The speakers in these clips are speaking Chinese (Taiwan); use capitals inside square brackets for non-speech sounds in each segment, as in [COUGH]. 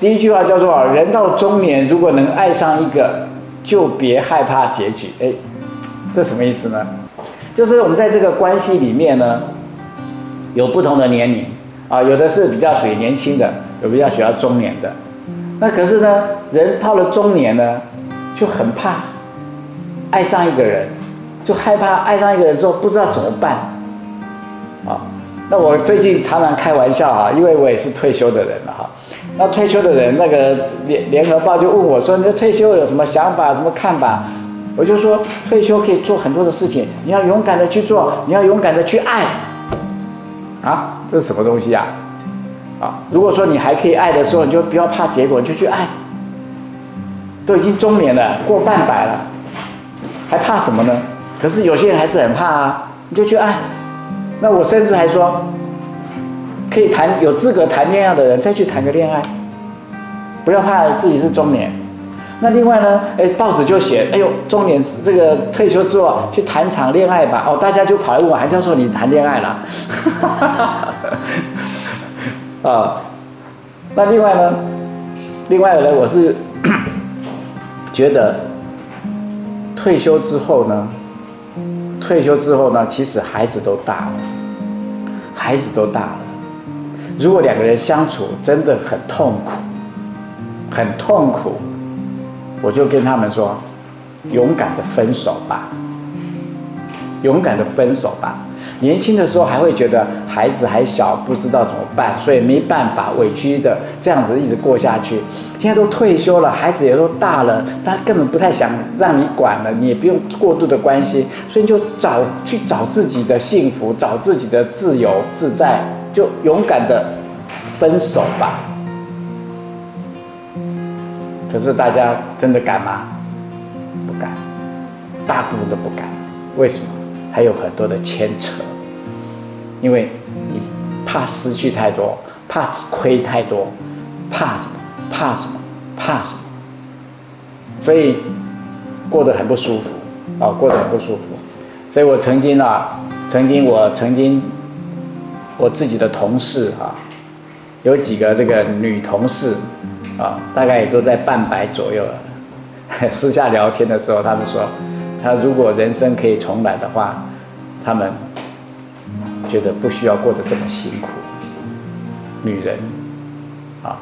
第一句話叫做人到中年，如果能愛上一個，就別害怕結局。哎，這什麼意思呢？就是我們在這個關係裡面呢，有不同的年齡啊，有的是比較屬於年輕的，有比較屬於中年的。那可是呢，人到了中年呢，就很怕愛上一個人，就害怕愛上一個人之後不知道怎麼辦啊。那我最近常常開玩笑啊，因為我也是退休的人啊。那退休的人，那個聯聯合報就問我說：“你的退休有什麼想法，什麼看法？”我就說：“退休可以做很多的事情，你要勇敢的去做，你要勇敢的去愛。”啊，這是什麼東西啊？啊，如果說你還可以愛的時候，你就不要怕結果，你就去愛。都已經中年了，過半百了，還怕什麼呢？可是有些人還是很怕啊，你就去愛。那我甚至還說。可以談有資格談戀愛的人，再去談個戀愛，不要怕自己是中年。那另外呢？哎，報紙就寫：“哎呦，中年這個退休之後去談場戀愛吧。”哦，大家就跑來問韓教授：“你談戀愛了？”啊、 [LAUGHS] 哦，那另外呢？另外呢，我是覺得退休之後呢，退休之後呢，其實孩子都大了，孩子都大了。如果兩個人相處真的很痛苦，很痛苦，我就跟他們說：“勇敢的分手吧，勇敢的分手吧。”年輕的時候還會覺得孩子還小，不知道怎麼辦，所以沒辦法委屈的這樣子一直過下去。現在都退休了，孩子也都大了，他根本不太想讓你管了，你也不用過度的關心，所以就找去找自己的幸福，找自己的自由自在。就勇敢的分手吧。可是大家真的敢嗎？不敢，大部分都不敢。為什麼？還有很多的牽扯，因為你怕失去太多，怕吃虧太多，怕什麼？怕什麼？怕什麼？所以過得很不舒服啊、哦，過得很不舒服。所以我曾經啊，曾經我曾經。我自己的同事啊，有幾個這個女同事啊，大概也都在半百左右了。私下聊天的時候，他們說，他如果人生可以重來的話，他們覺得不需要過得這麼辛苦。女人啊，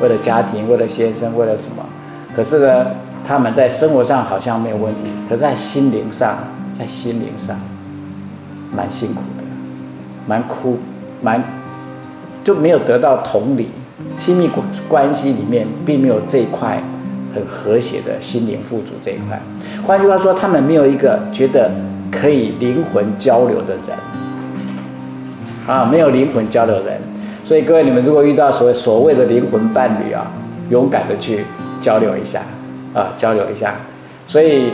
為了家庭，為了先生，為了什麼？可是呢，她們在生活上好像沒有問題，可在心靈上，在心靈上蠻辛苦的，蠻苦。蠻就沒有得到同理，親密關關係裡面並沒有這一塊很和諧的心靈富足這一塊。換句話說，他們沒有一個覺得可以靈魂交流的人啊，沒有靈魂交流的人。所以各位，你們如果遇到所謂所謂的靈魂伴侶啊，勇敢的去交流一下啊，交流一下。所以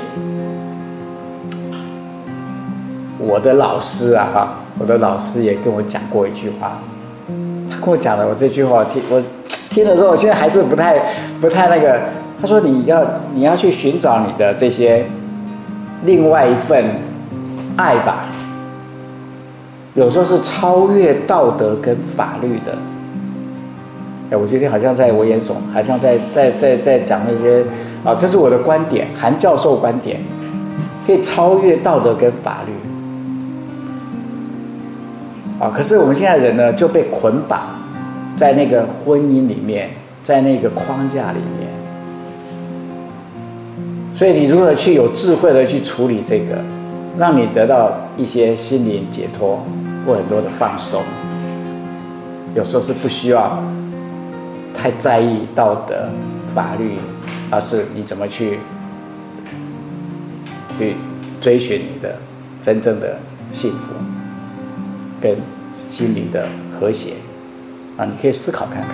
我的老師啊，哈。我的老師也跟我講過一句話，他跟我講了我這句話，我聽，我聽了之後，我現在還是不太不太那個。他說你要你要去尋找你的這些另外一份愛吧，有時候是超越道德跟法律的。哎、欸,我今天好像在危言聳聽，好像在在在在講那些啊、哦，這是我的觀點，韓教授觀點，可以超越道德跟法律。啊！可是我們現在人呢，就被捆綁在那個婚姻裡面，在那個框架裡面。所以你如何去有智慧的去處理這個，讓你得到一些心靈解脫或很多的放鬆？有時候是不需要太在意道德、法律，而是你怎麼去去追尋你的真正的幸福。跟心靈的和諧啊，你可以思考看看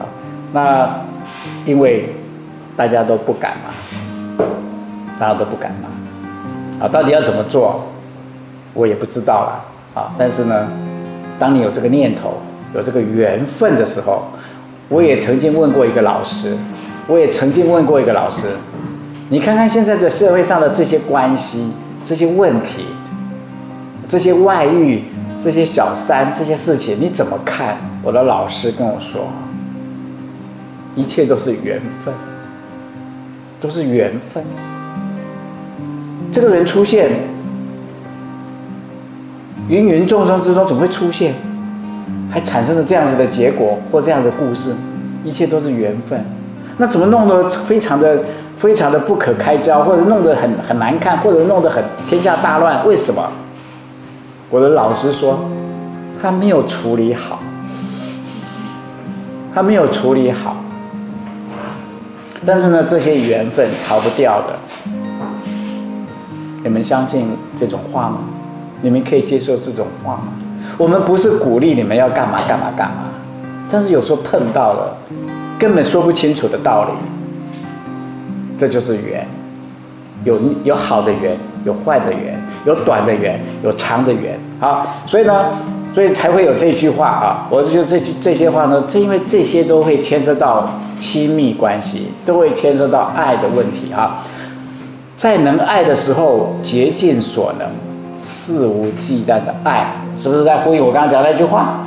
啊。那因為大家都不敢嘛，大家都不敢嘛啊。到底要怎麼做，我也不知道了啊。但是呢，當你有這個念頭、有這個緣分的時候，我也曾經問過一個老師，我也曾經問過一個老師，你看看現在的社會上的這些關係、這些問題、這些外遇，這些小三，這些事情你怎麼看？我的老師跟我說，一切都是緣分，都是緣分。這個人出現，芸芸眾生之中怎麼會出現，還產生了這樣子的結果或這樣子的故事？一切都是緣分。那怎麼弄得非常的、非常的不可開交，或者弄得很很難看，或者弄得很天下大亂？為什麼？我的老師說，他沒有處理好，他沒有處理好。但是呢，這些緣分逃不掉的。你們相信這種話嗎？你們可以接受這種話嗎？我們不是鼓勵你們要幹嘛幹嘛幹嘛，但是有時候碰到了，根本說不清楚的道理，這就是緣，有有好的緣，有壞的緣。有短的緣，有長的緣。好，所以呢，所以才會有這句話啊。我就覺得這句這些話呢，正因為這些都會牽扯到親密關係，都會牽扯到愛的問題啊。在能愛的時候，竭盡所能，肆無忌憚的愛，是不是在呼應我剛才講的那句話？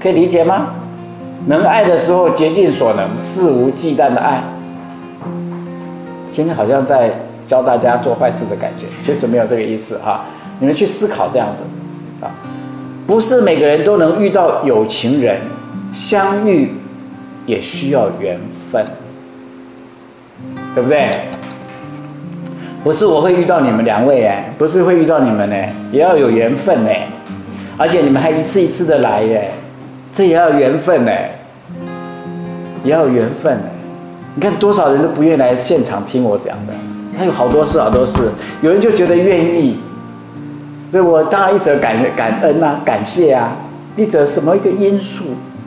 可以理解嗎？能愛的時候，竭盡所能，肆無忌憚的愛。今天好像在。教大家做壞事的感覺，確實沒有這個意思哈。你們去思考這樣子，啊，不是每個人都能遇到有情人，相遇也需要緣分，對不對？不是我會遇到你們兩位哎，不是會遇到你們呢，也要有緣分呢。而且你們還一次一次的來耶，這也要有緣分呢，也要緣分呢。你看多少人都不願意來現場聽我講的。.他有、哎、好多事啊，都是有人就覺得願意，所以我當然一則感感恩吶、啊，感謝啊，一則什麼一個因素，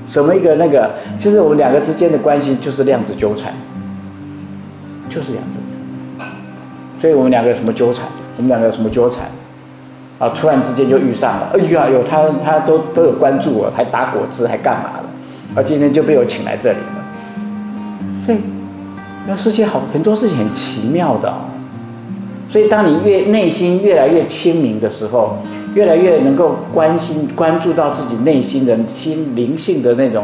什麼一個那個，其實我們兩個之間的關係就是量子糾纏，就是量子，所以我們兩個有什麼糾纏，我們兩個有什麼糾纏，啊，突然之間就遇上了，哎呦呦，有他他、他都都有關注我，還打果汁，還幹嘛了，啊，今天就被我請來這裡了，所以。那世界好，很多事情很奇妙的哦，所以當你越內心越來越清明的時候，越來越能夠關心關注到自己內心的心靈性的那種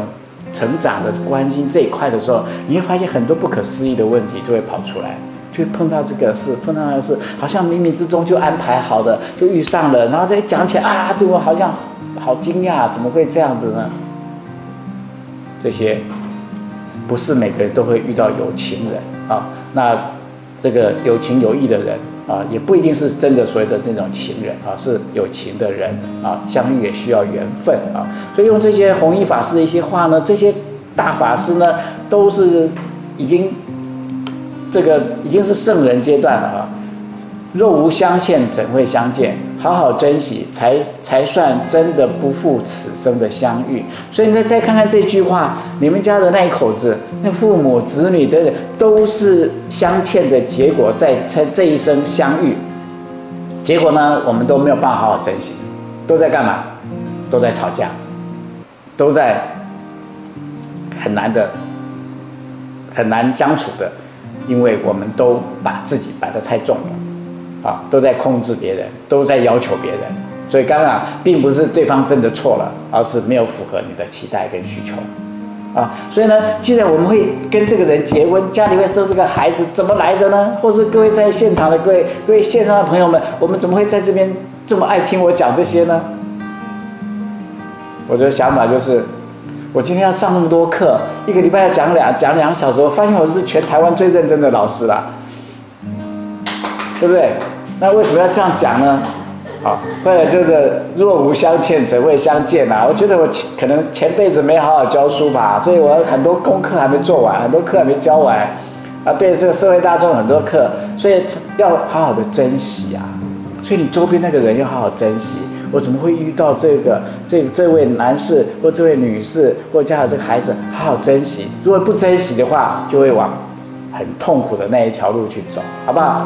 成長的關心這一塊的時候，你會發現很多不可思議的問題就會跑出來，就會碰到這個事，碰到那個事，好像冥冥之中就安排好的，就遇上了，然後就會講起來啊，就我好像好驚訝，怎麼會這樣子呢？這些。不是每個人都會遇到有情人啊，那這個有情有義的人啊，也不一定是真的所謂的那種情人啊，是有情的人啊，相遇也需要緣分啊，所以用這些弘一法師的一些話呢，這些大法師呢，都是已經這個已經是聖人階段了啊，若無相欠，怎會相見？好好珍惜，才才算真的不負此生的相遇。所以，你再再看看這句話，你們家的那一口子，那父母、子女等等都是相欠的結果，在在這一生相遇。結果呢，我們都沒有辦法好好珍惜，都在幹嘛？都在吵架，都在很難的、很難相處的，因為我們都把自己擺得太重了。啊，都在控制別人，都在要求別人，所以當然啊，並不是對方真的錯了，而是沒有符合你的期待跟需求。啊，所以呢，既然我們會跟這個人結婚，家裡會生這個孩子，怎麼來的呢？或是各位在現場的各位，各位線上的朋友們，我們怎麼會在這邊這麼愛聽我講這些呢？我的想法就是，我今天要上那麼多課，一個禮拜要講兩講兩小時，我發現我是全台灣最認真的老師了。對不對？那為什麼要這樣講呢？好，為了這個若無相欠，怎會相見吶、啊？我覺得我可能前輩子沒好好教書吧，所以我很多功課還沒做完，很多課還沒教完啊。對這個社會大眾很多課，所以要好好的珍惜啊。所以你周邊那個人要好好珍惜。我怎麼會遇到這個這個、這位男士或這位女士或家裡的這個孩子？好好珍惜。如果不珍惜的話，就會往很痛苦的那一條路去走，好不好？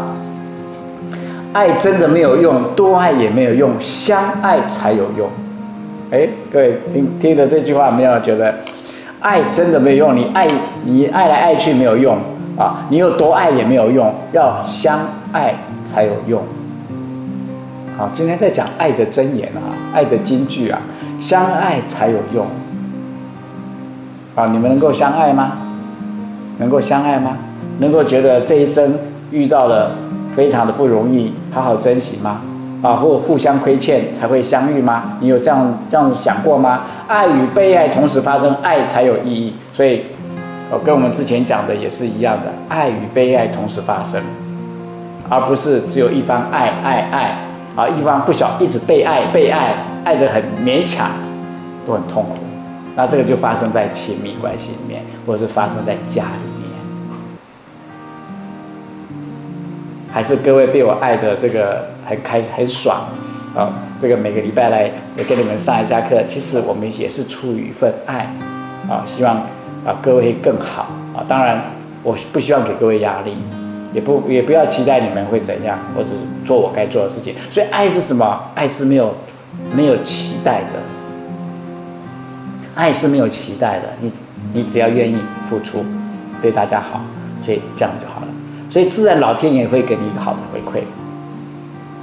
愛真的沒有用，多愛也沒有用，相愛才有用。哎，各位聽聽了這句話沒有？覺得愛真的沒有用，你愛你愛來愛去沒有用啊，你有多愛也沒有用，要相愛才有用。好、啊，今天在講愛的真言啊，愛的金句啊，相愛才有用。啊，你們能夠相愛嗎？能夠相愛嗎？能夠覺得這一生遇到了？非常的不容易，好好珍惜嗎？啊，或互相虧欠才會相遇嗎？你有這樣這樣想過嗎？愛與被愛同時發生，愛才有意義。所以，啊，跟我們之前講的也是一樣的，愛與被愛同時發生，而不是只有一方愛愛愛啊，一方不想一直被愛被愛，愛得很勉強，都很痛苦。那這個就發生在親密關係裡面，或者是發生在家裡。還是各位被我愛的這個很開很爽，啊，這個每個禮拜來也給你們上一下課。其實我們也是出於一份愛，啊，希望啊各位會更好啊。當然，我不希望給各位壓力，也不也不要期待你們會怎樣。我只做我該做的事情。所以愛是什麼？愛是沒有沒有期待的，愛是沒有期待的。你你只要願意付出，對大家好，所以這樣就好了。所以，自然老天也會給你一個好的回饋，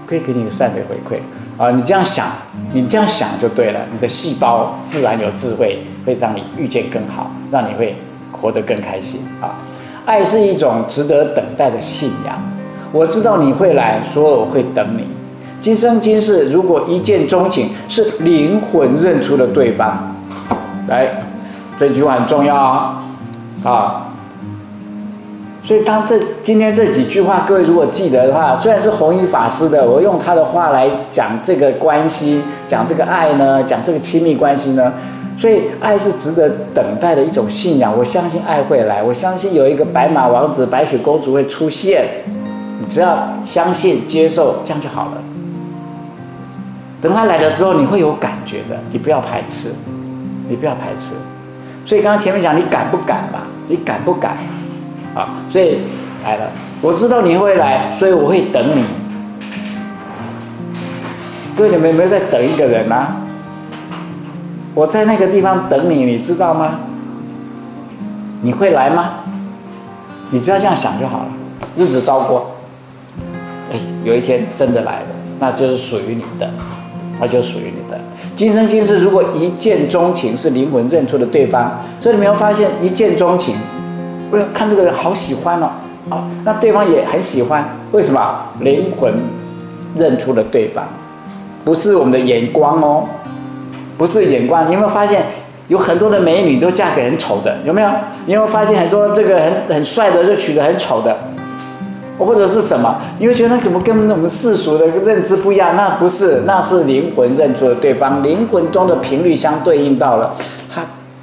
可以給你一個善的回饋啊！你這樣想，你這樣想就對了。你的細胞自然有智慧，會讓你遇見更好，讓你會活得更開心啊！愛是一種值得等待的信仰，我知道你會來，所以我會等你。今生今世，如果一見鍾情，是靈魂認出了對方。來，這句話很重要啊！啊。所以，當這今天這幾句話，各位如果記得的話，雖然是弘一法師的，我用他的話來講這個關係，講這個愛呢，講這個親密關係呢，所以愛是值得等待的一種信仰。我相信愛會來，我相信有一個白馬王子、白雪公主會出現。你只要相信、接受，這樣就好了。等他來的時候，你會有感覺的。你不要排斥，你不要排斥。所以，剛剛前面講，你敢不敢嘛？你敢不敢？所以來了，我知道你會來，所以我會等你。各位，你們有沒有在等一個人呢、啊？我在那個地方等你，你知道嗎？你會來嗎？你只要這樣想就好了，日子照過。哎，有一天真的來了，那就是屬於你的，那就是屬於你的。今生今世，如果一見鍾情是靈魂認出了對方，所以沒有發現一見鍾情。我要看這個人好喜歡哦，那對方也很喜歡，為什麼？靈魂認出了對方，不是我們的眼光哦，不是眼光。你有沒有發現有很多的美女都嫁給很醜的？有沒有？你有沒有發現很多這個很很帥的就娶的很醜的？或者是什麼？你會覺得那怎麼跟我們世俗的認知不一樣？那不是，那是靈魂認出了對方，靈魂中的頻率相對應到了。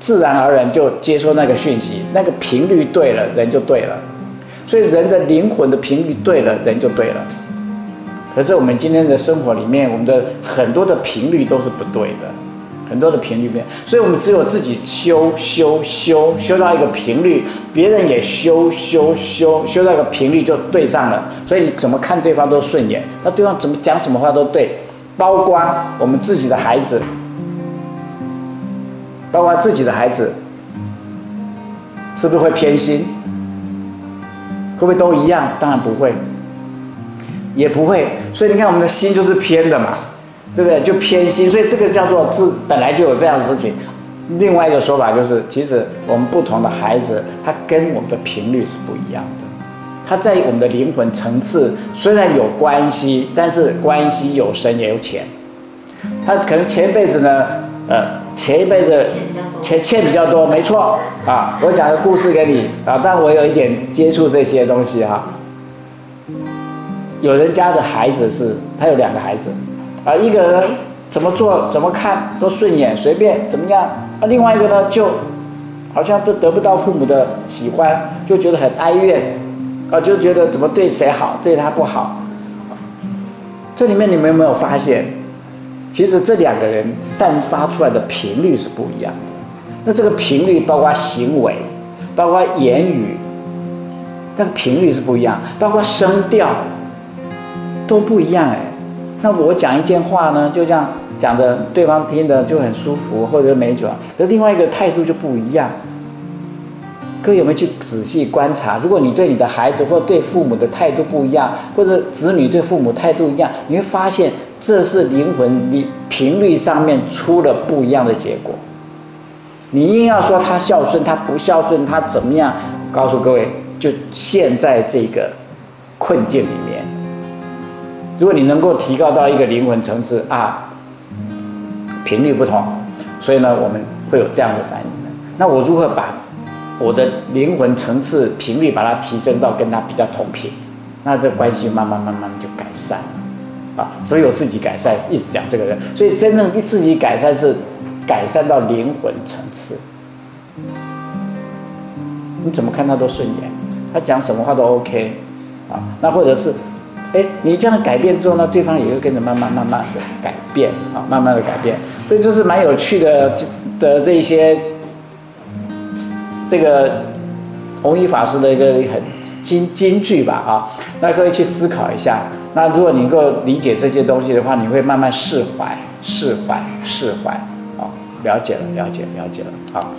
自然而然就接收那個訊息，那個頻率對了，人就對了。所以人的靈魂的頻率對了，人就對了。可是我們今天的生活裡面，我們的很多的頻率都是不對的，很多的頻率不對。所以我們只有自己修修修修到一個頻率，別人也修修修修到一個頻率就對上了。所以你怎麼看對方都順眼，那對方怎麼講什麼話都對，包括我們自己的孩子。包括自己的孩子，是不是會偏心？會不會都一樣？當然不會，也不會。所以你看，我們的心就是偏的嘛，對不對？就偏心。所以這個叫做自，本來就有這樣的事情。另外一個說法就是，其實我們不同的孩子，他跟我們的頻率是不一樣的。他在我們的靈魂層次雖然有關係，但是關係有深也有淺。他可能前輩子呢，呃。前一輩子欠欠比較多，沒錯啊，我講個故事給你啊，但我有一點接觸這些東西哈。有人家的孩子是，他有兩個孩子，啊，一個人怎麼做怎麼看都順眼，隨便怎麼樣；啊，另外一個呢，就好像都得不到父母的喜歡，就覺得很哀怨，啊，就覺得怎麼對誰好，對他不好。這裡面你們有沒有發現？其實這兩個人散發出來的頻率是不一樣的。那這個頻率包括行為，包括言語，但頻率是不一樣，包括聲調都不一樣哎。那我講一件話呢，就這樣講的，對方聽的就很舒服或者沒準；可是另外一個態度就不一樣。各位有沒有去仔細觀察？如果你對你的孩子或對父母的態度不一樣，或者子女對父母態度一樣，你會發現。這是靈魂你頻率上面出了不一樣的結果，你硬要說他孝順，他不孝順，他怎麼樣？告訴各位，就陷在這個困境裡面。如果你能夠提高到一個靈魂層次啊，頻率不同，所以呢，我們會有這樣的反應。那我如何把我的靈魂層次頻率把它提升到跟他比較同頻？那這關係慢慢慢慢就改善。啊，只有自己改善，一直講這個人，所以真正你自己改善是改善到靈魂層次。你怎麼看他都順眼，他講什麼話都 OK，啊，那或者是，哎，你這樣改變之後呢，對方也會跟着慢慢慢慢的改變，啊，慢慢的改變，所以這是蠻有趣的，這的這一些這個弘一法師的一個很。金金句吧，啊，那各位去思考一下。那如果你能夠理解這些東西的話，你會慢慢釋懷、釋懷、釋懷，啊，了解了、了解了、了解了，好。